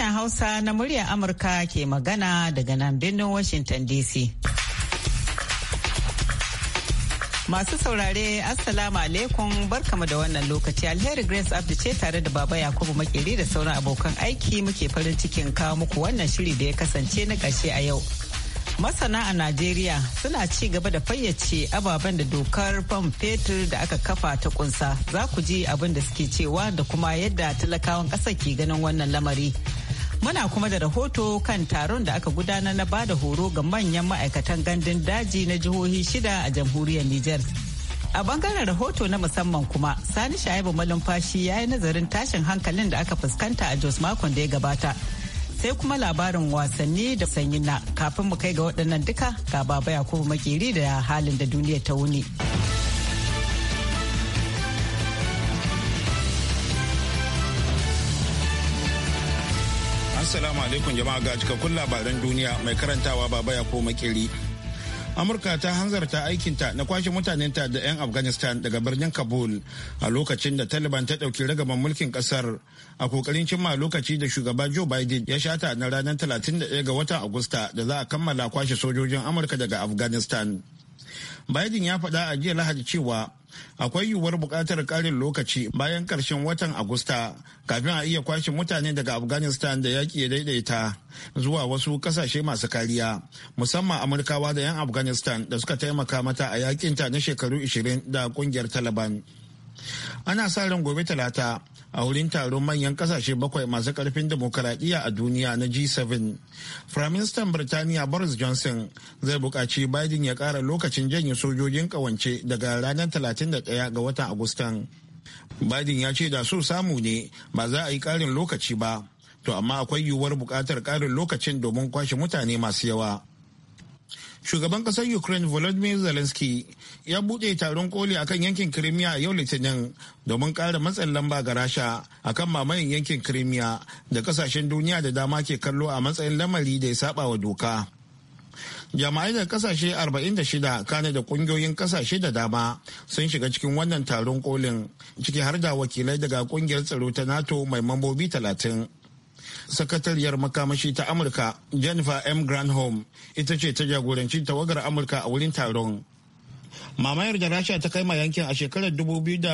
Sashen Hausa na muryar Amurka ke magana daga nan birnin Washington DC. Masu saurare Assalamu alaikum barkamu da wannan lokaci alheri Grace Abdi ce tare da Baba Yakubu Makeri da sauran abokan aiki muke farin cikin kawo muku wannan shiri da ya kasance na ƙarshe a yau. Masana a Najeriya suna ci gaba da fayyace ababen da dokar fam fetur da aka kafa ta kunsa za ku ji abin da suke cewa da kuma yadda talakawan ƙasar ke ganin wannan lamari. Muna kuma da rahoto kan taron da aka gudanar na bada horo ga manyan ma'aikatan gandun daji na jihohi shida a jamhuriyar Nijar. A bangaren rahoto na musamman kuma, Sani Shaibu Malumfashi ya yi nazarin tashin hankalin da aka fuskanta a Jos makon da ya gabata. Sai kuma labarin wasanni da sanyi na kafin mu kai ga waɗannan duka ga baba ko Makeri da halin da duniya ta wuni. Assalamu alaikum jama'a ga cikakkun labaran duniya mai karantawa baba ya ko makiri. amurka ta hanzarta aikinta na kwashe mutanenta da 'yan afghanistan daga birnin kabul a lokacin da taliban ta ɗauki ragaban mulkin ƙasar a kokarin cimma lokaci da shugaba joe biden ya shata na ranar 31 ga watan agusta da za a kammala kwashe sojojin amurka daga afghanistan biden ya faɗa a jiya lahadi cewa akwai yiwuwar buƙatar ƙarin lokaci bayan ƙarshen watan agusta kafin a iya kwashe mutane daga afghanistan da yaƙi ya daidaita zuwa wasu ƙasashe masu kariya musamman amurkawa da 'yan afghanistan da suka taimaka mata a yaƙinta na shekaru 20 da ƙungiyar taliban ana sa ran gobe talata a wurin taron manyan kasashe bakwai masu karfin demokaradiyya a duniya na G7. Firaministan Birtaniya Boris Johnson zai buƙaci Biden ya ƙara lokacin janye sojojin ƙawance daga ranar 31 ga watan Agustan. Biden ya ce da so samu ne ba za a yi ƙarin lokaci ba, to amma akwai yiwuwar buƙatar ƙarin lokacin domin kwashe mutane masu yawa. shugaban kasar ukraine volodymyr zelensky ya buɗe taron koli a kan yankin crimea yau litinin domin ƙara matsin lamba ga rasha akan mamayin yankin kirimiya da kasashen duniya da dama ke kallo a matsayin lamari da ya saba wa doka jama'ai da kasashe 46 kane da kungiyoyin kasashe da dama sun shiga cikin wannan taron kolin ciki har da wakilai daga kungiyar tsaro ta nato mai mambobi 30 sakatariyar makamashi ta amurka jennifer m granholm ita ce ta jagoranci tawagar amurka a wurin taron mamayar da rasha ta kai ma yankin a shekarar 2014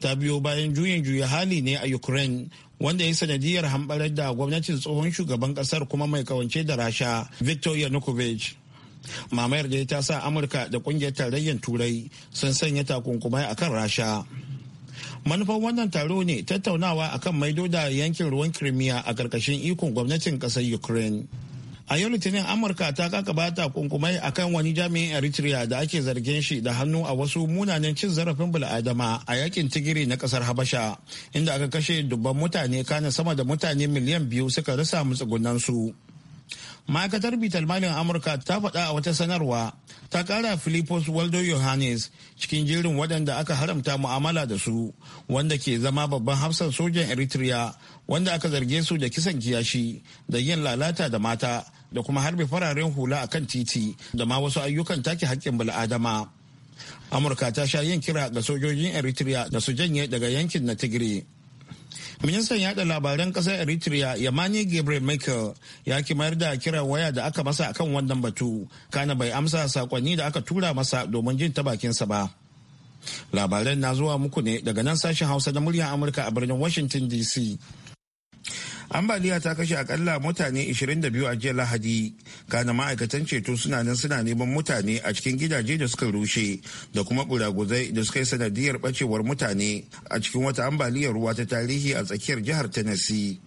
ta biyo bayan juyin juya hali ne a ukraine wanda ya sanadiyar hambarar da gwamnatin tsohon shugaban kasar kuma mai kawance da rasha victor yanukovych mamayar da ya ta sa amurka da kungiyar tarayyar turai sun sanya takunkumai a kan rasha manufar wannan taro ne tattaunawa akan maido da yankin ruwan kirimiya a ƙarƙashin ikon gwamnatin ƙasar ukraine a yau litinin amurka ta kaka kunkumai a akan wani jami'in eritrea da ake zargin shi da hannu a wasu munanan cin zarafin bil'adama a yakin tigiri na kasar habasha inda aka kashe dubban mutane kana sama da mutane miliyan biyu suka rasa matsugunansu su ma'aikatar bitar malin amurka ta faɗa a wata sanarwa ta ƙara filipos waldo yohannes cikin jerin waɗanda aka haramta mu'amala da su wanda ke zama babban hafsan sojan eritrea wanda aka zarge su da kisan kiyashi da yin lalata da mata da kuma harbe fararen hula a kan titi da ma wasu ayyukan take haƙƙin bil'adama amurka ta sha yin kira ga sojojin eritrea da su janye daga yankin na tigray ministan yada labaran kasar eritrea yamani gabriel michael ya ki mayar da kiran waya da aka masa akan wannan batu kana bai amsa sakonni da aka tura masa domin jin ta bakinsa ba labaran na zuwa muku ne daga nan sashen hausa na muryar amurka a birnin washington dc ambaliya ta kashe akalla mutane 22 a jiya lahadi kana ma'aikatan ceto suna nan suna neman mutane a cikin gidaje da suka rushe da kuma kuraguzai da suka yi sanadiyar bacewar mutane a cikin wata ambaliyar ruwa ta tarihi a tsakiyar jihar tennessee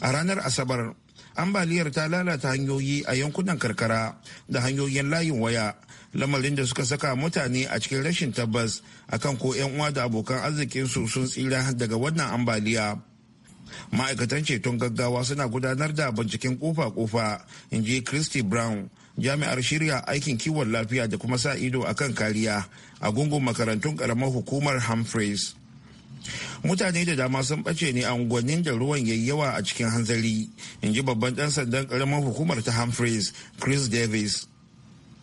a ranar asabar ambaliyar ta lalata hanyoyi a yankunan karkara da hanyoyin layin waya lamarin da suka saka mutane a cikin rashin tabbas akan ko 'yan uwa da abokan arzikinsu sun tsira daga wannan ambaliya ma'aikatan ceton gaggawa suna gudanar da binciken kofa-kofa in ji christy brown jami'ar shirya aikin kiwon lafiya da kuma sa ido a kan kariya a gungun makarantun karamar hukumar humphreys mutane da dama sun bace ne a unguwannin da ruwan yayi yawa a cikin hanzari in ji babban dan sandan karamar hukumar ta humphreys chris davis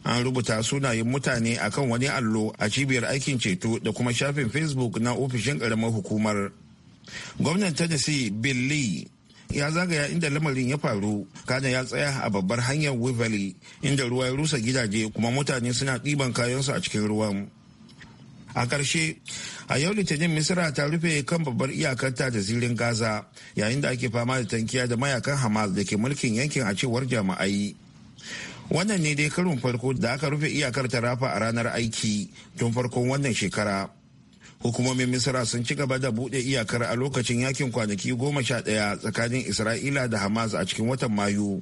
an rubuta sunayen mutane akan wani allo a cibiyar aikin ceto da kuma shafin facebook na ofishin karamar hukumar gwamnan tennessee bill lee ya zagaya inda lamarin ya faru kana ya tsaya a babbar hanyar waverly inda ruwa ya rusa gidaje kuma mutane suna ɗiban kayansu a cikin ruwan a ƙarshe a yau litinin misira ta rufe kan babbar iyakarta da zirin gaza yayin da ake fama da tankiya da mayakan hamas da ke mulkin yankin a cewar jama'ai wannan ne dai karin farko da aka rufe iyakar ta rafa a ranar aiki tun farkon wannan shekara hukumomin misira sun ci gaba da buɗe iyakar a lokacin yakin kwanaki goma sha ɗaya tsakanin isra'ila da hamas a cikin watan mayu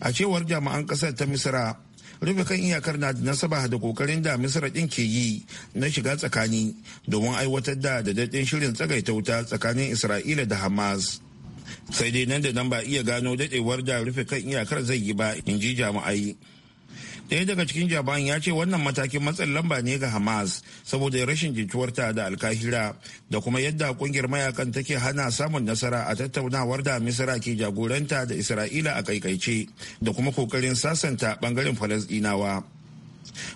a cewar jami'an ƙasar ta misira rufe kan iyakar na da nasaba da kokarin da misira ɗin ke yi na shiga tsakani domin aiwatar da daɗaɗɗen shirin tsagaita wuta tsakanin isra'ila da hamas sai dai nan da nan ba iya gano daɗewar da rufe kan iyakar zai yi ba in ji jami'ai daya daga cikin jaban ya ce wannan matakin matsin lamba ne ga hamas saboda rashin jituwarta da alkahira da kuma yadda kungiyar mayakan take hana samun nasara a tattaunawar da misira ke jagoranta da isra'ila a kaikaice da kuma kokarin sasanta bangaren falasdinawa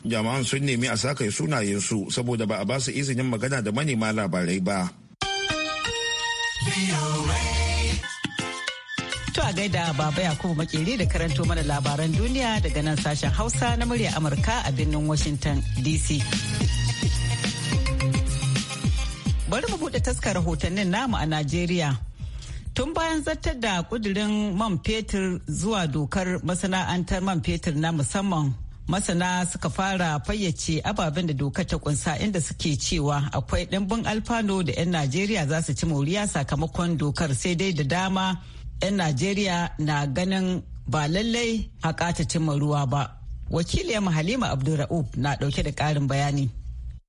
jama'an sun nemi a sakai sunayensu saboda ba a basu izinin magana da manema labarai ba. To a gaida Baba Yakubu makeri da karanto mana labaran duniya daga nan sashen Hausa na murya Amurka a birnin Washington DC. Bari mu buɗe taskar rahotannin namu a Najeriya. Tun bayan zartar da kudirin man fetur zuwa dokar masana'antar man fetur na musamman masana suka fara fayyace ababen da dokar ta kunsa inda suke cewa akwai dimbin alfano da 'yan Najeriya za su ci moriya sakamakon dokar sai dai da dama 'yan Najeriya na ganin ba lallai a ta cimma ruwa ba. Wakiliyar Halima Abdulra'uf na ɗauke da ƙarin bayani.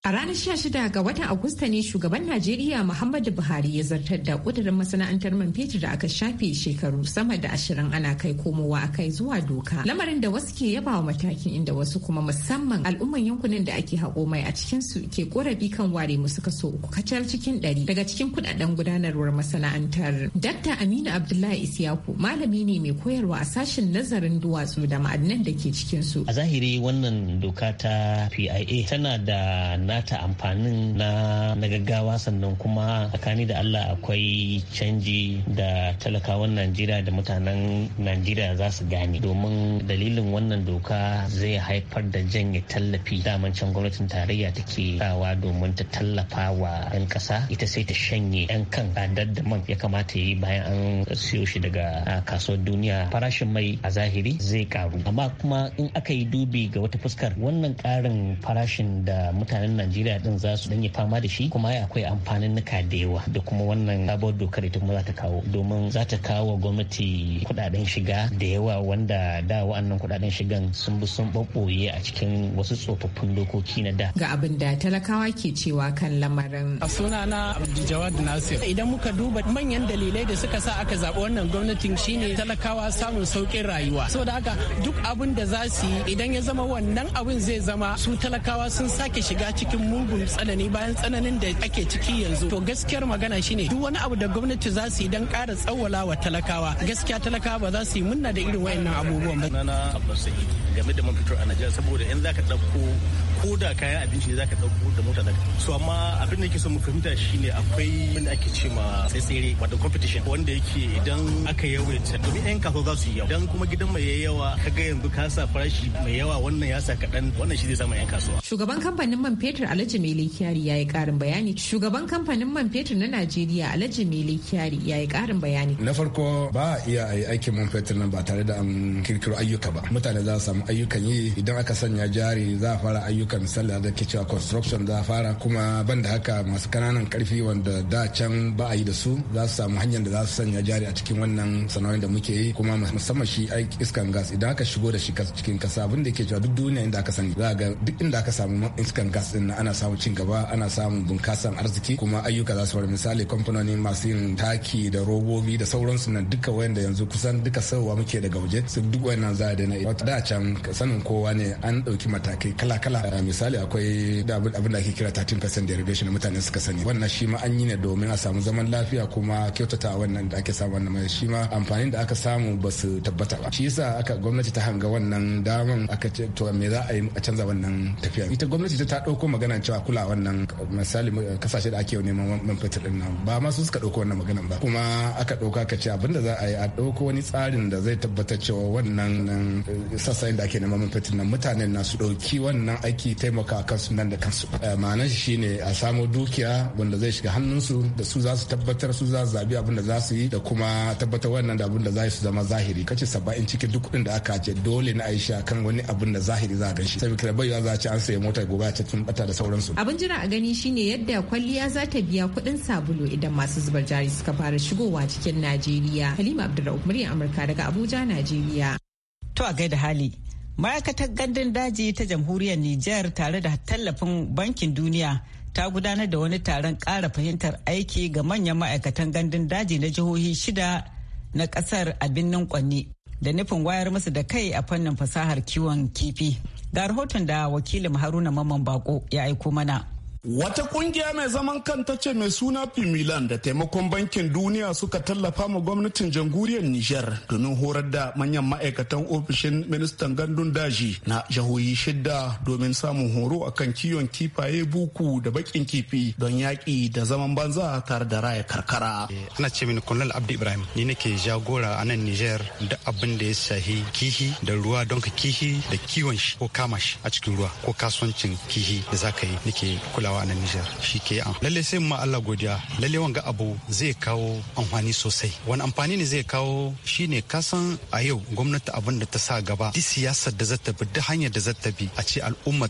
A ranar 16 ga watan Agusta ne shugaban Najeriya Muhammadu Buhari ya zartar da ƙudurin masana'antar man fetur da aka shafe shekaru sama da ashirin ana kai komowa a kai zuwa doka. Lamarin da wasu ke yaba wa matakin inda wasu kuma musamman al'umman yankunan da ake haƙo mai a cikinsu ke korafi kan ware musu kaso uku kacal cikin ɗari daga cikin kuɗaɗen gudanarwar masana'antar. Dr Aminu Abdullahi Isiyaku malami ne mai koyarwa a sashen nazarin duwatsu da ma'adanan da ke cikin su. A zahiri wannan doka ta PIA tana da nata amfanin na na gaggawa sannan kuma tsakani da Allah akwai canji da talakawan Najeriya da mutanen Najeriya za su gane domin dalilin wannan doka zai haifar da janye tallafi daman can gwamnatin tarayya take sawa domin ta tallafa wa 'yan kasa ita sai ta shanye 'yan kan tsadar da man ya kamata yi bayan an siyo shi daga kasuwar duniya farashin mai a zahiri zai karu amma kuma in aka yi dubi ga wata fuskar wannan ƙarin farashin da mutanen najeriya din za su yi fama da shi kuma akwai amfanin nuka da yawa da kuma wannan sabuwar dokar ita kuma za ta kawo domin za ta kawo gwamnati kudaden shiga da yawa wanda da wa'annan kudaden shigan sun bi sun ɓaɓɓoye a cikin wasu tsofaffin dokoki na da ga abin da talakawa ke cewa kan lamarin a suna na abdul nasir idan muka duba manyan dalilai da suka sa aka zaɓi wannan gwamnatin shine talakawa samun sauƙin rayuwa saboda haka duk abin da za su yi idan ya zama wannan abin zai zama su talakawa sun sake shiga cikin cikin mugun tsanani bayan tsananin da ake ciki yanzu to gaskiyar magana shine duk wani abu da gwamnati za su yi don ƙara tsawwala wa talakawa gaskiya talakawa ba za su yi munna da irin wayannan abubuwan ba. na Abbas game da man a Najeriya saboda in za ka ɗauko ko da kayan abinci ne zaka dauko da mota daga so amma abin da yake so mu fahimta shine akwai wanda ake ce ma tsere wato competition wanda yake idan aka yawaita domin yan kaso za su yi yawa dan kuma gidan mai yawa kaga yanzu ka sa farashi mai yawa wannan ya sa kaɗan wannan shi zai sama yan kasuwa shugaban kamfanin man fetur Alhaji Mele Kyari yayi karin bayani shugaban kamfanin man fetur na Najeriya Alhaji Mele Kyari yayi karin bayani na farko ba iya ai aikin man fetur nan ba tare da an kirkiro ayyuka ba mutane za su samu ayyukan yi idan aka sanya jari za a fara ayyuka haka misali da ke cewa construction za fara kuma ban da haka masu kananan karfi wanda da can ba a yi da su za su samu hanyar da za su sanya jari a cikin wannan sana'o'in da muke yi kuma musamman shi iskan gas idan aka shigo da shi cikin kasa abin da ke cewa duk duniya inda aka sani za ga duk inda aka samu iskan gas din ana samun cin gaba ana samun bunkasan arziki kuma ayyuka za su fara misali kamfanoni masu yin taki da robobi da sauransu na duka wayanda yanzu kusan duka sauwa muke daga waje su duk wayannan za a daina da can sanin kowa ne an dauki matakai kala-kala misali akwai abin da ake kira 13% derivation da mutane suka sani wannan shi ma an yi ne domin a samu zaman lafiya kuma kyautata wannan da ake samu wannan shi ma amfanin da aka samu ba su tabbata ba shi yasa aka gwamnati ta hanga wannan daman aka ce to me za a yi a canza wannan tafiya ita gwamnati ta dauko magana cewa kula wannan misali eh, kasashe da ake neman man fetur din nan ba ma su suka dauko wannan maganar ba kuma aka dauka aka ce abinda za a yi a dauko wani tsarin da zai tabbatar cewa wannan eh, sassa da ake neman man fetur nan mutanen na su dauki wannan aiki yi taimaka kansu nan da kansu eh, ma'anar shi shine a samo dukiya wanda zai shiga hannunsu da su za su tabbatar su za su zabi abin da za su yi da kuma tabbatar wannan da abin da za su zama zahiri kace saba'in cikin duk kudin da aka ce dole na aisha kan wani abin da zahiri za a ganshi sai kira baiwa za a ci an sayi mota gobe a ce tun bata da sauransu abin jira a gani shine yadda kwalliya za ta biya kudin sabulu idan masu zubar jari suka fara shigowa cikin najeriya halima abdurrahman amurka daga abuja najeriya to a gaida hali ma'aikatar gandun daji ta jamhuriyar niger tare da tallafin bankin duniya ta gudanar da wani taron ƙara fahimtar aiki ga manyan ma'aikatan gandun daji na jihohi shida na ƙasar a birnin kwanni da nufin wayar musu da kai a fannin fasahar kiwon kifi ga rahoton da wakilin haruna maman bako ya aiko mana Wata kungiya mai zaman kanta ce mai suna Pimilan da taimakon bankin duniya suka tallafa ma gwamnatin jamhuriyar Nijar domin horar da manyan ma'aikatan ofishin ministan gandun daji na jahohi shidda domin samun horo akan kiwon kifaye buku da bakin kifi don yaƙi da zaman banza tare da raya karkara. Ana ce mini Colonel Abdi Ibrahim ni nake jagora a nan Nijar da abin da ya shahi kihi da ruwa don ka kihi da kiwon shi ko kama shi a cikin ruwa ko kasuwancin kihi da zaka yi nake kulawa sarrafawa a Niger shi ke an. Lalle sai ma Allah godiya lalle wanga abu zai kawo amfani sosai. Wani amfani ne zai kawo shine kasan a yau gwamnati abin da ta sa gaba duk siyasar da zata bi duk hanyar da zata bi a ce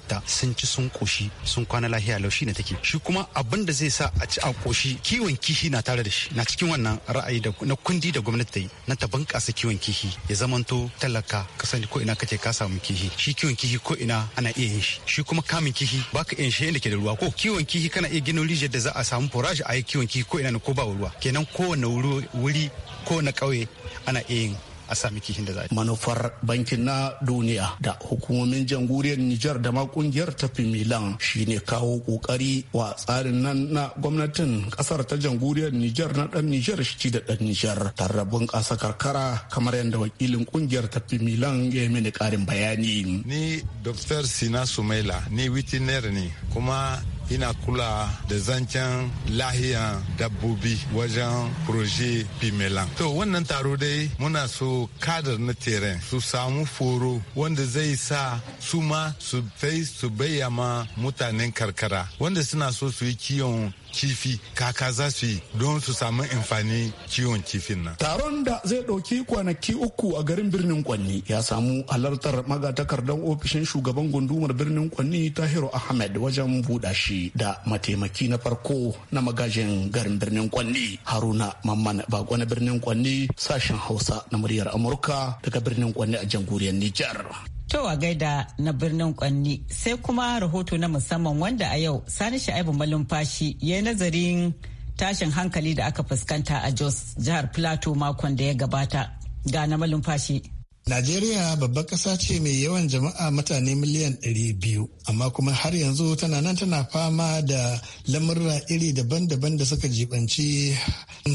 ta sun ci sun koshi sun kwana lahiya lau ne take. Shi kuma abin da zai sa a ci a koshi kiwon kishi na tare da shi na cikin wannan ra'ayi da na kundi da gwamnati ta yi na ta bunƙasa kiwon kihi ya zamanto talaka kasan ko ina kake ka samu kihi shi kiwon kihi ko ina ana iya yin shi shi kuma kamin kihi baka yin shi inda ke da ruwa ko kiwon kihi kana iya gina rijiyar da za a samu forage a yi kiwon kihi ko ina ne ko ba ruwa kenan kowane wuri kowane ƙauye ana iya a sami kishin da za a manufar bankin na duniya da hukumomin jamhuriyar Nijar da ma kungiyar tafi Milan shine kawo kokari wa tsarin nan na gwamnatin kasar ta jamhuriyar Nijar na dan Nijar shi da dan Nijar tarrabin kasa karkara kamar yadda wakilin kungiyar tafi Milan ya yi mini karin bayani ni Dr. Sina Sumaila ni witiner ne kuma ina kula da zancen lahiyan dabbobi wajen proje pimelan to wannan taro dai muna so kadar na teren su samu foro wanda zai sa su ma su fai su bayyama mutanen karkara wanda suna so su yi kiyon kifi kaka za su yi don su samu amfani kiwon kifin nan. Taron da zai ɗauki kwanaki uku a garin birnin Kwanni ya samu halartar magatakardan ofishin shugaban gundumar birnin Kwanni Tahiru Ahmed wajen buɗa shi da mataimaki na farko na magajin garin birnin Kwanni Haruna Mamman bakon birnin Kwanni sashen Hausa na muryar Amurka daga birnin Kwanni a jamhuriyar Nijar. To a gaida na birnin Kwanni sai kuma rahoto na musamman wanda a yau Sani Sha'ibu Malumfashi ya yi nazarin tashin hankali da aka fuskanta a Jos jihar Plateau makon da ya gabata ga na Malumfashi. Najeriya babbar ƙasa ce mai yawan jama'a mutane miliyan 200 amma kuma har yanzu tana nan tana fama da lamurra iri daban-daban da suka jibanci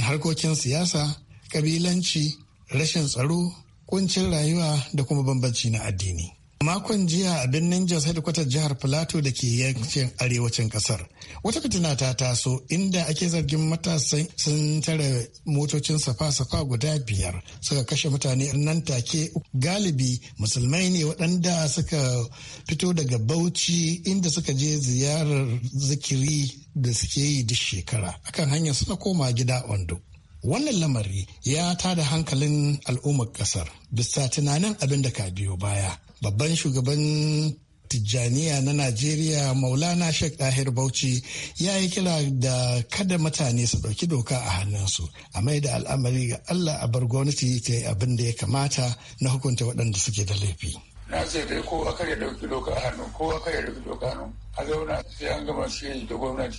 harkokin siyasa, kabilanci, rashin tsaro kuncin rayuwa da kuma bambanci na addini. Makon jiya a birnin Jos hedikwatar jihar plateau da ke yankin arewacin kasar. Wata fitina ta taso inda ake zargin matasan sun tare motocin safa-safa guda biyar suka kashe mutane nan take galibi musulmai ne waɗanda suka fito daga Bauchi inda suka je ziyarar zikiri da suke yi duk shekara akan hanyar suna koma gida Ondo. Wannan lamari ya tada hankalin al'ummar kasar bisa tunanin abin da ka biyo baya. Babban shugaban Tijjaniya na Najeriya Maulana Sheikh Dahir Bauchi ya yi kira da kada mutane su ɗauki doka a hannunsu a mai da al'amari ga Allah a bar gwamnati ta yi abin da ya kamata na hukunta waɗanda suke da laifi. Na ce dai kowa kar ya ɗauki doka a hannu kowa kar ya ɗauki doka a hannu a zauna sai an gama shi da gwamnati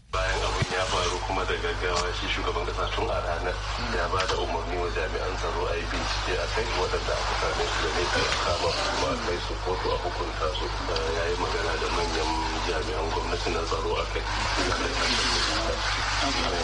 kuma da gaggawa shi shugaban kasa tun a ranar ya ba da umarni wa jami'an tsaro a yi bincike a kai waɗanda aka same su da ne a kama kuma a kai su kotu a hukunta su ya yi magana da manyan jami'an gwamnati na tsaro a kai eh,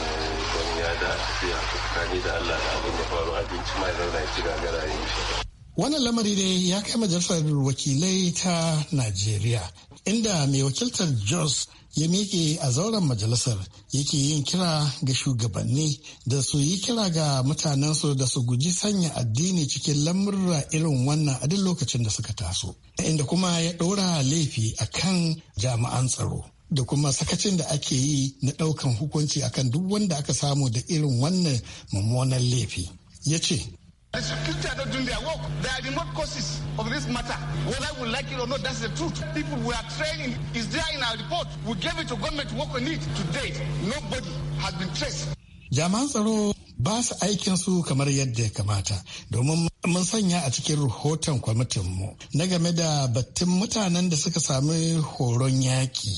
don ya da tafiya tsakani da allah da abin da faru abinci bincike ya zauna ya ci gagara yin shi wannan lamari ne ya kai majalisar wakilai ta najeriya inda mai wakiltar jos ya miƙe a zauren majalisar yake yin kira ga shugabanni da su yi kira ga mutanensu da su guji sanya addini cikin lamurra irin wannan a duk lokacin da suka taso inda kuma ya ɗora laifi a kan jami'an tsaro da kuma sakacin da ake yi na ɗaukan hukunci akan duk wanda aka samu da irin wannan mummunan laifi ya ce The security are not doing their work. There are remote causes of this matter. Whether we like it or not, that's the truth. People we are training is there in our report. We gave it to government to work on it. To date, nobody has been traced. Jami'an tsaro ba su aikin su kamar yadda ya kamata domin mun sanya a cikin rahoton kwamitinmu na game da battun mutanen da suka sami horon yaki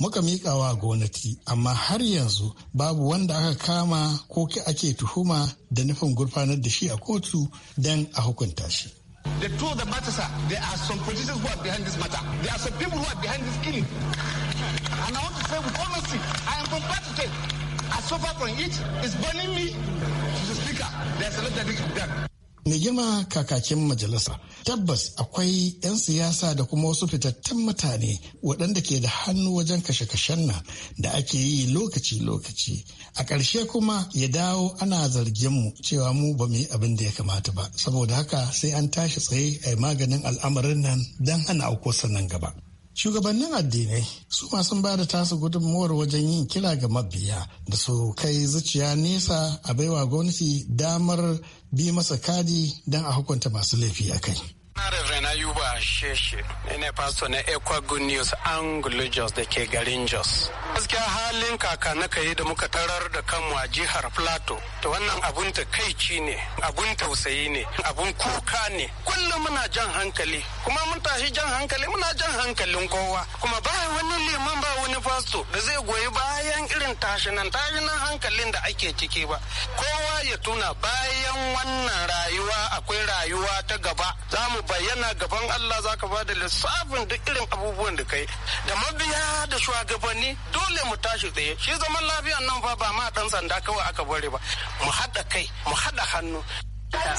muka miƙawa gwamnati amma har yanzu babu wanda aka kama ko ake tuhuma da nufin gurfanar da shi a kotu don a hukunta shi. The truth of the matter, sir, there are some politicians who are behind this matter. There are some people who are behind this killing. And I want to say with honesty, I am from Pakistan. I suffer from it. It's burning me. Mr. Speaker, there's a lot that we can do. mai gima kakakin majalisa tabbas akwai 'yan siyasa da kuma wasu fitattun mutane waɗanda ke da hannu wajen kashe-kashen nan da ake yi lokaci-lokaci a ƙarshe kuma ya dawo ana zargin mu cewa mu ba mu yi abin da ya kamata ba saboda haka sai an tashi tsaye a maganin al'amarin nan don hana auko nan gaba shugabannin addinai su masu ba da tasu gudunmuwar wajen yin kila ga mabiya da su kai zuciya nesa a baiwa gwamnati damar bi masa kadi don a hukunta masu laifi a kai Reverend Ayuba Sheshe, ne pastor na Ekwa Good News Jos da ke garin Jos. gaskiya halin kaka na kayi da muka tarar da kanmu a jihar plato to wannan abun ne abun tausayi ne abun kuka ne kullum muna jan hankali kuma mun tashi jan hankali muna jan hankalin kowa kuma ba wani liman ba wani fasto da zai goyi bayan irin tashinan tashinan hankalin da ake ciki ba kowa ya tuna bayan wannan rayuwa akwai rayuwa ta gaba za mu bayyana gaban allah za ka ba da lissafin duk irin abubuwan da kai da mabiya da shugabanni dole dole mu tashi tsaye shi zaman lafiyan nan fa ba ma dan sanda kawai aka bari ba mu haɗa kai mu haɗa hannu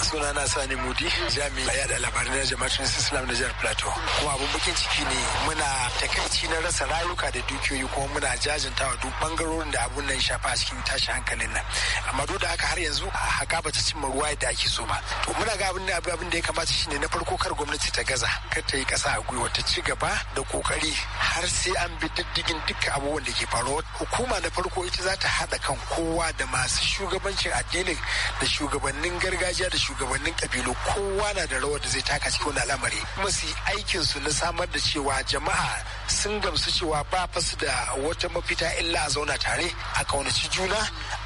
suna na sani mudi jami'in yada labarai na jama'atun islam na jihar plateau kuma abun bakin ciki ne muna takaici na rasa rayuka da dukiyoyi kuma muna jajinta wa duk bangarorin da abun nan shafa a cikin tashi hankalin nan amma duk da haka har yanzu haka ba ta cimma ruwa yadda ake so ba to muna ga abin da da ya kamata shine na farko kar gwamnati ta gaza kar ta yi kasa a gwiwa ta ci gaba da kokari har sai an bi diddigin duka abubuwan da ke faruwa hukuma na farko ita za ta haɗa kan kowa da masu shugabancin addinin da shugabannin gargajiya gargajiya da shugabannin kabilu kowa na da rawar da zai taka cikin wani al'amari kuma su yi aikin su na samar da cewa jama'a sun gamsu cewa ba fa su da wata mafita illa a zauna tare a kaunaci juna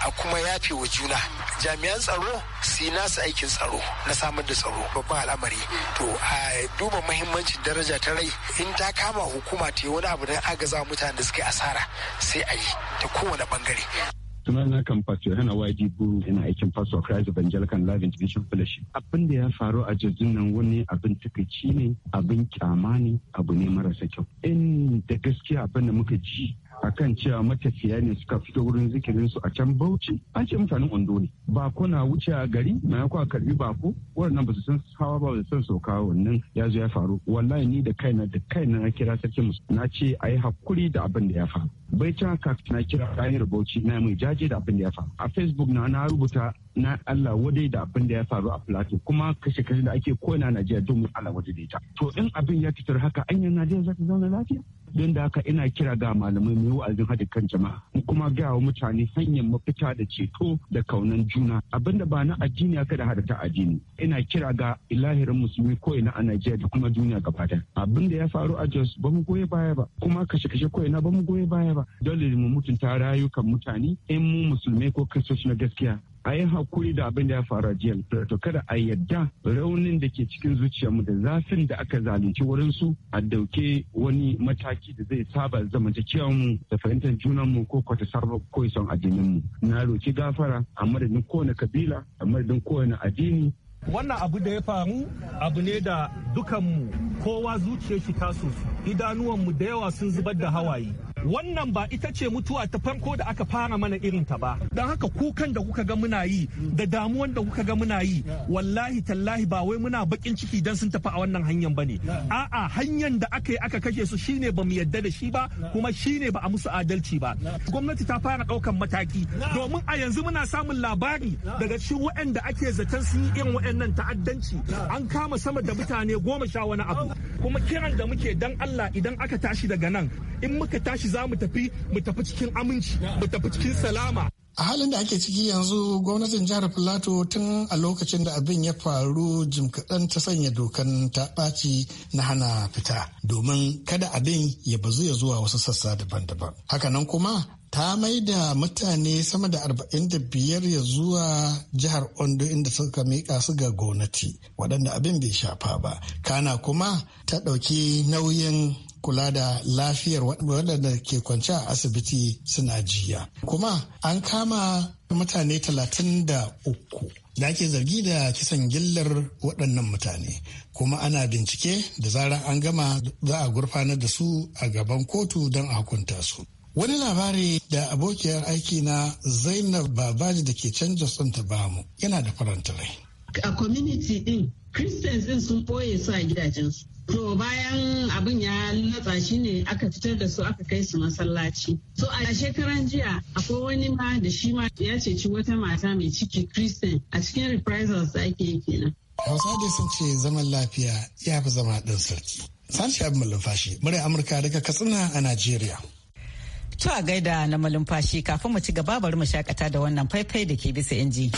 a kuma yafe wa juna jami'an tsaro su yi nasu aikin tsaro na samar da tsaro babban al'amari to a duba mahimmancin daraja ta rai in ta kama hukuma ta yi wani abu don agaza mutane da suka yi asara sai a yi ta kowane bangare na kan pastor yana YD Buru yana aikin pastor Christ Evangelical Life Intervention Fellowship. Abin da ya faru a jirgin nan wani abin takaici ne, abin kyama ne, abu ne marasa kyau. In da gaskiya abin da muka ji akan cewa matafiya ne suka fito wurin zikirin su a can Bauchi an ce mutanen Ondo ne ba na wuce a gari na kuwa karbi bako wannan ba su san hawa ba su san sauka wannan ya zo ya faru wallahi ni da kaina da kaina na kira sarki musu na ce a yi hakuri da abin da ya faru bai can haka na kira ranar Bauchi na mai jaje da abin da ya faru a Facebook na na rubuta na Allah wadai da abin da ya faru a Plateau kuma kashe-kashe da ake kona Najeriya domin Allah wadai da ita to in abin ya fitar haka anyan Najeriya za ta zauna lafiya don da haka ina kira ga malamai mai wa'azin haɗin kan jama'a kuma ga wa mutane hanyar mafita da ceto da kaunan juna abinda ba na addini aka da haɗa ta addini ina kira ga ilahirin musulmi ko ina a Najeriya da kuma duniya gaba ɗaya abin da ya faru a Jos ba mu goye baya ba kuma kashe-kashe ko ina ba mu goye baya ba dole mu mutunta rayukan mutane in mu musulmai ko kristoci na gaskiya a yi hakuri da abin da ya faru a jiya to kada a yadda raunin da ke cikin zuciyarmu da zafin da aka zalunci wurinsu a dauke wani mataki da zai saba mu da fahimtar mu ko kwata sarrafa ko son addininmu na roki gafara a madadin kowane kabila a madadin kowane addini wannan abu da ya faru abu ne da dukanmu kowa zuciyar shi ta idanuwanmu da yawa sun zubar da hawaye wannan ba ita ce mutuwa ta farko da aka fara mana irin ta ba don haka kukan da kuka ga muna yi mm. da damuwan da kuka ga muna yi wallahi tallahi ba wai muna bakin ciki dan sun tafi a wannan hanyar ba ne a'a hanyar da aka yi aka kashe su shine ba mu yadda da shi ba kuma shine ba a musu adalci ba gwamnati ta fara daukan mataki domin a yanzu muna samun labari daga cikin waɗanda ake zaton sun yi irin waɗannan ta'addanci an kama sama da mutane goma sha wani abu oh. kuma kiran da muke dan Allah idan aka tashi daga nan in muka tashi za mu tafi mu tafi cikin aminci mu tafi cikin salama a halin da ake ciki yanzu gwamnatin jihar filato tun a lokacin da abin ya faru jim kaɗan ta sanya dokan ta ɓaci na hana fita domin kada abin ya bazu ya zuwa wasu sassa daban-daban hakanan kuma ta mai da mutane sama da arba'in 45 ya zuwa jihar ondo inda suka mika su ga gwamnati waɗanda abin bai shafa ba kana kuma ta ɗauki nauyin kula da lafiyar waɗanda ke kwance a asibiti suna jiya. Kuma an kama mutane talatin da uku da ake zargi da kisan gillar waɗannan mutane kuma ana bincike da zarar an gama za a gurfanar da su a gaban kotu don a hukunta su. Wani labari da abokiyar aiki na Zainab Babaji da ke canza son ta bamu yana da faranta rai. A community din, Christians din sun ɓoye su a gidajensu. To bayan abin ya latsa shi ne aka fitar da su aka kai su masallaci. So a shekaran jiya akwai wani ma da shi ma ya ceci wata mata mai ciki christian a cikin reprisals da ake yi kenan. Hausa dai sun ce zaman lafiya ya fi zama ɗan sarki. Sashi abin malumfashi, murai Amurka daga Katsina a Najeriya. To a gaida na malumfashi kafin mu ci gaba bari mu shakata da wannan faifai da ke bisa inji.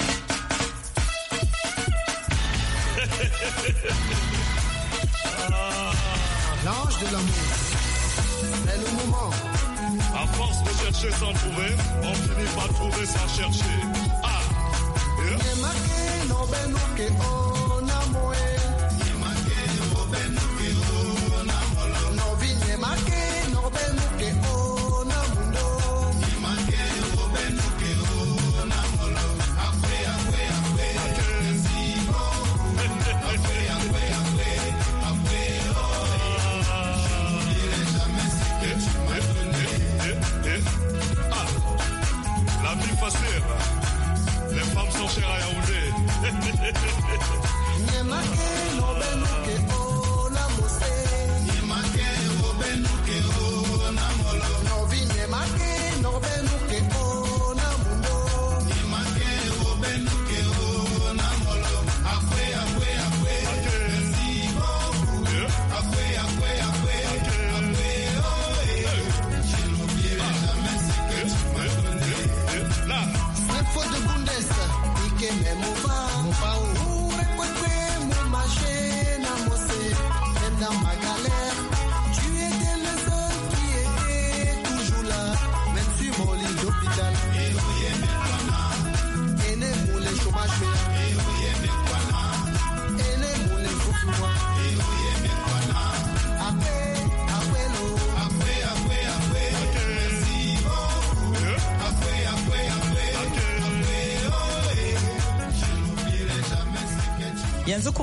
de C'est le moment. À force de chercher sans trouver, on finit par trouver sans chercher. Ah!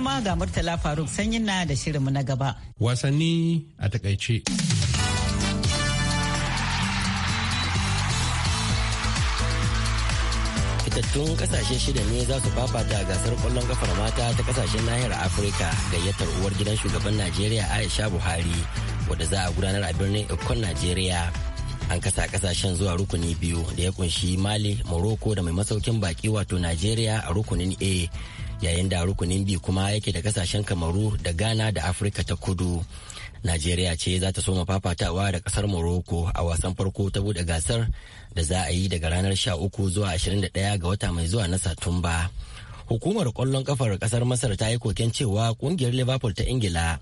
kuma ga Murtala Faruk sanyin na da shirinmu na gaba. Wasanni a takaice. fitattun kasashe shida ne za su fafata gasar kwallon kafar mata ta kasashen nahiyar afirka gayyatar uwar gidan shugaban najeriya aisha buhari wadda za a gudanar a birnin ikon najeriya an kasa kasashen zuwa rukuni biyu da ya kunshi mali morocco da mai masaukin baki wato najeriya a rukunin a yayin da rukunin bi kuma yake da kasashen kamaru da ghana da afirka ta kudu najeriya ce za ta soma fafatawa da kasar morocco a wasan farko ta bude gasar da za a yi daga ranar 13 zuwa 21 ga wata mai zuwa na satumba hukumar kwallon kafar kasar masar ta yi koken cewa kungiyar liverpool ta ingila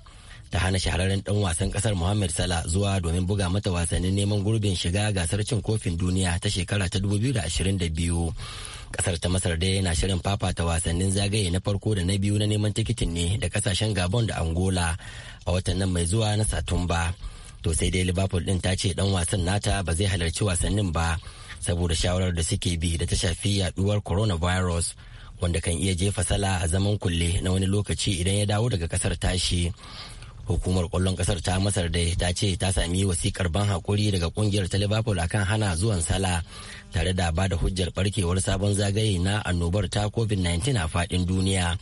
ta hana shahararren dan wasan kasar mohamed salah zuwa domin buga mata wasannin neman gurbin shiga gasar cin kofin duniya ta shekara ta 2022 kasar ta masar dai na shirin fafata wasannin zagaye na farko da na biyu na neman tikitin ne da kasashen gabon da angola a watan nan mai zuwa na satumba to sai dai liverpool din ta ce dan wasan nata ba zai halarci wasannin ba saboda shawarar da suke bi da ta shafi yaduwar coronavirus wanda kan iya jefa sala a zaman kulle na wani lokaci idan ya dawo daga kasar tashi hukumar kwallon kasar ta masar da ta ce ta sami wasikar ban hakuri daga kungiyar ta liverpool akan hana zuwan sala tare da ba da hujjar barkewar sabon zagaye na annobar ta covid-19 a fadin duniya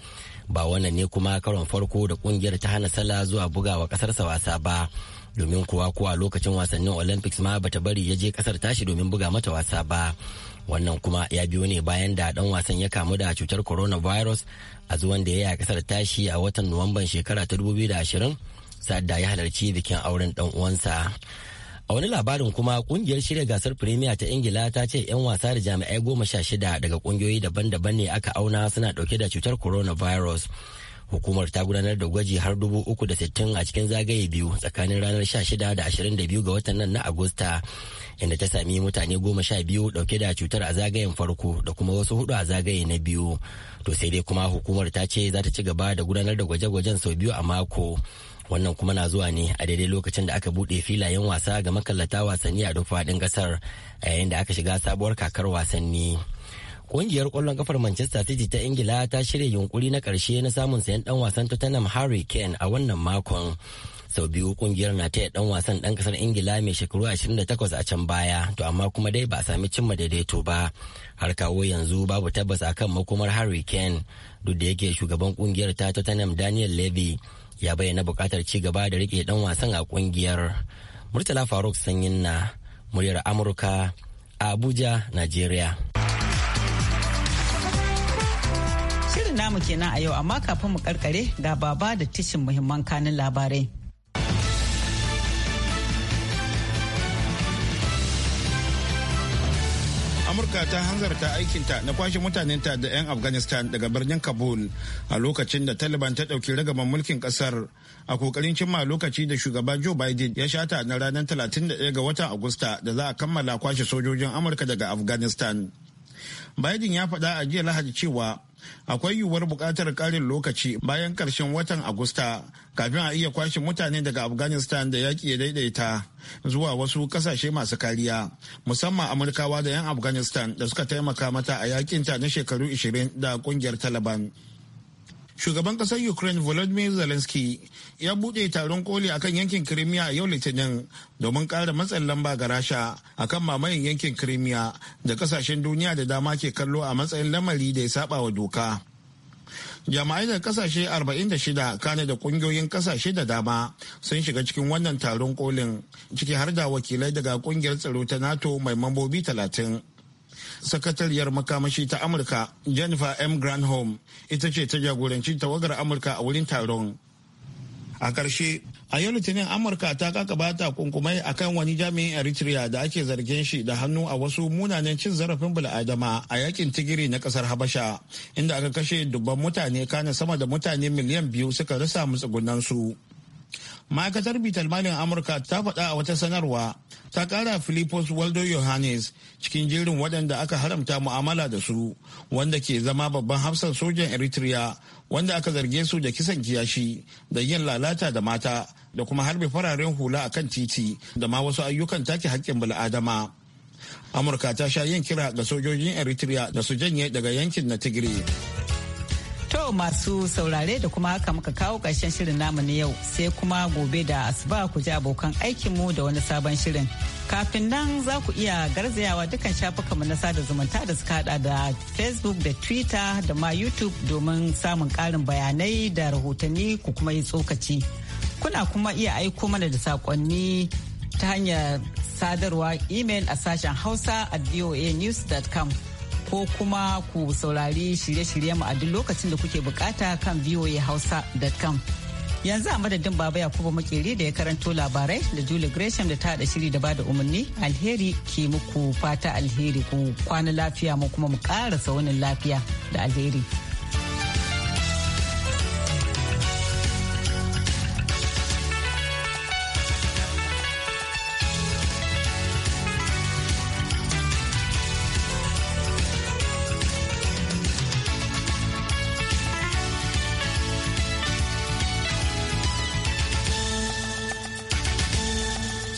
ba wannan ne kuma karon farko da kungiyar ta hana sala zuwa bugawa kasarsa wasa ba domin kuwa kuwa lokacin wasannin olympics ma bata bari ya je kasar tashi domin buga mata wasa ba wannan kuma ya biyo ne bayan da dan wasan ya kamu da cutar coronavirus a zuwan da ya yi a kasar tashi a watan nuwamban shekara ta 2020 sa'ad da ya halarci bikin auren dan uwansa a wani labarin kuma kungiyar shirya gasar premier ta ingila ta ce 'yan wasa da jami'ai goma sha shida daga kungiyoyi daban-daban ne aka auna suna dauke da cutar coronavirus. virus Hukumar ta gudanar da gwaji har dubu uku da sittin a cikin zagaye biyu tsakanin ranar sha shida da ashirin da biyu ga watan nan na Agusta inda ta sami mutane goma sha biyu dauke da cutar a zagayen farko da kuma wasu hudu a zagaye na biyu. To sai dai kuma hukumar ta ce za ta ci gaba da gudanar da gwaje-gwajen sau biyu a mako. wannan kuma na zuwa ne a daidai lokacin da aka bude filayen wasa ga makallata wasanni a duk faɗin ƙasar a yayin da aka shiga sabuwar kakar wasanni Kungiyar ƙwallon kafar Manchester City ta Ingila ta shirya yunkuri na ƙarshe na samun sayan ɗan wasan Tottenham Harry Kane a wannan makon. Sau biyu kungiyar na taya ɗan wasan ɗan ƙasar Ingila mai shekaru 28 a can baya, to amma kuma dai ba a sami cimma daidaito ba. Har kawo yanzu babu tabbas akan makomar Harry Kane, duk da yake shugaban kungiyar ta Tottenham Daniel Levy ya bayyana buƙatar ci gaba da riƙe ɗan wasan a kungiyar. Murtala Faruk Sanyin na muryar Amurka Abuja, Najeriya. namu kenan a yau amma kafin mu karkare ga baba da tishin muhimman kanin labarai. amurka ta hanzarta aikinta na kwashe mutanenta da 'yan afghanistan daga birnin kabul a lokacin da taliban ta ɗauki ragaman mulkin ƙasar a kokarin cimma lokaci da shugaba joe biden ya shata na ranar 31 ga watan agusta da za a kammala kwashe sojojin amurka daga afghanistan biden ya faɗa a jiya lahadi cewa akwai yiwuwar buƙatar ƙarin lokaci bayan ƙarshen watan agusta kafin a iya kwashe mutane daga afghanistan da yaƙi ya daidaita zuwa wasu ƙasashe masu kariya musamman amurkawa da 'yan afghanistan da suka taimaka mata a yaƙinta na shekaru 20 da ƙungiyar taliban shugaban kasar ukraine volodymyr zelensky ya buɗe taron koli a kan yankin kirimiya a yau litinin domin ƙara matsan lamba ga rasha a kan mamayin yankin kirimiya da kasashen duniya da dama ke kallo a matsayin lamari da ya saba wa doka jama'ai da kasashe 46 kane da kungiyoyin kasashe da dama sun shiga cikin wannan taron kolin ciki har da wakilai daga kungiyar tsaro ta nato mai mambobi 30 sakatariyar makamashi ta amurka jennifer m granholm ita ce ta jagoranci tawagar amurka a wurin taron a ƙarshe a yau litinin amurka ta kakaba kunkumai a kan wani jami'in eritrea da ake zargin shi da hannu a wasu munanan cin zarafin bil'adama a yakin tigiri na kasar habasha inda aka kashe dubban mutane kana sama da mutane miliyan biyu suka rasa matsugunan su ma'aikatar bitar malin amurka ta faɗa a wata sanarwa ta ƙara filipos waldo yohannes cikin jerin waɗanda aka haramta mu'amala da su wanda ke zama babban hafsan sojan eritrea wanda aka zarge su da kisan kiyashi da yin lalata da mata da kuma harbe fararen hula a kan titi da ma wasu ayyukan take haƙƙin bil'adama amurka ta sha yin kira ga sojojin eritrea da su janye daga yankin na tigray To masu saurare da kuma haka muka kawo ƙarshen shirin namu na yau sai kuma gobe da asuba ku ji abokan aikinmu da wani sabon shirin. Kafin nan za ku iya garzayawa dukkan shafukanmu na sada zumunta da suka hada da Facebook da Twitter da ma YouTube domin samun ƙarin bayanai da rahotanni ku kuma yi tsokaci. Kuna kuma iya aiko mana da sakonni ta hanyar sadarwa email a sashen hausa at voanews.com. ko kuma ku saurari shirye-shiryenmu a duk lokacin da kuke bukata kan voahausa.com. Yanzu a madadin Baba Yakubu Makeri da ya karanto labarai da Julie Gresham da ta da shiri da bada umarni alheri ke muku fata alheri ku kwana lafiya mu kuma mu ƙara saunin lafiya da alheri.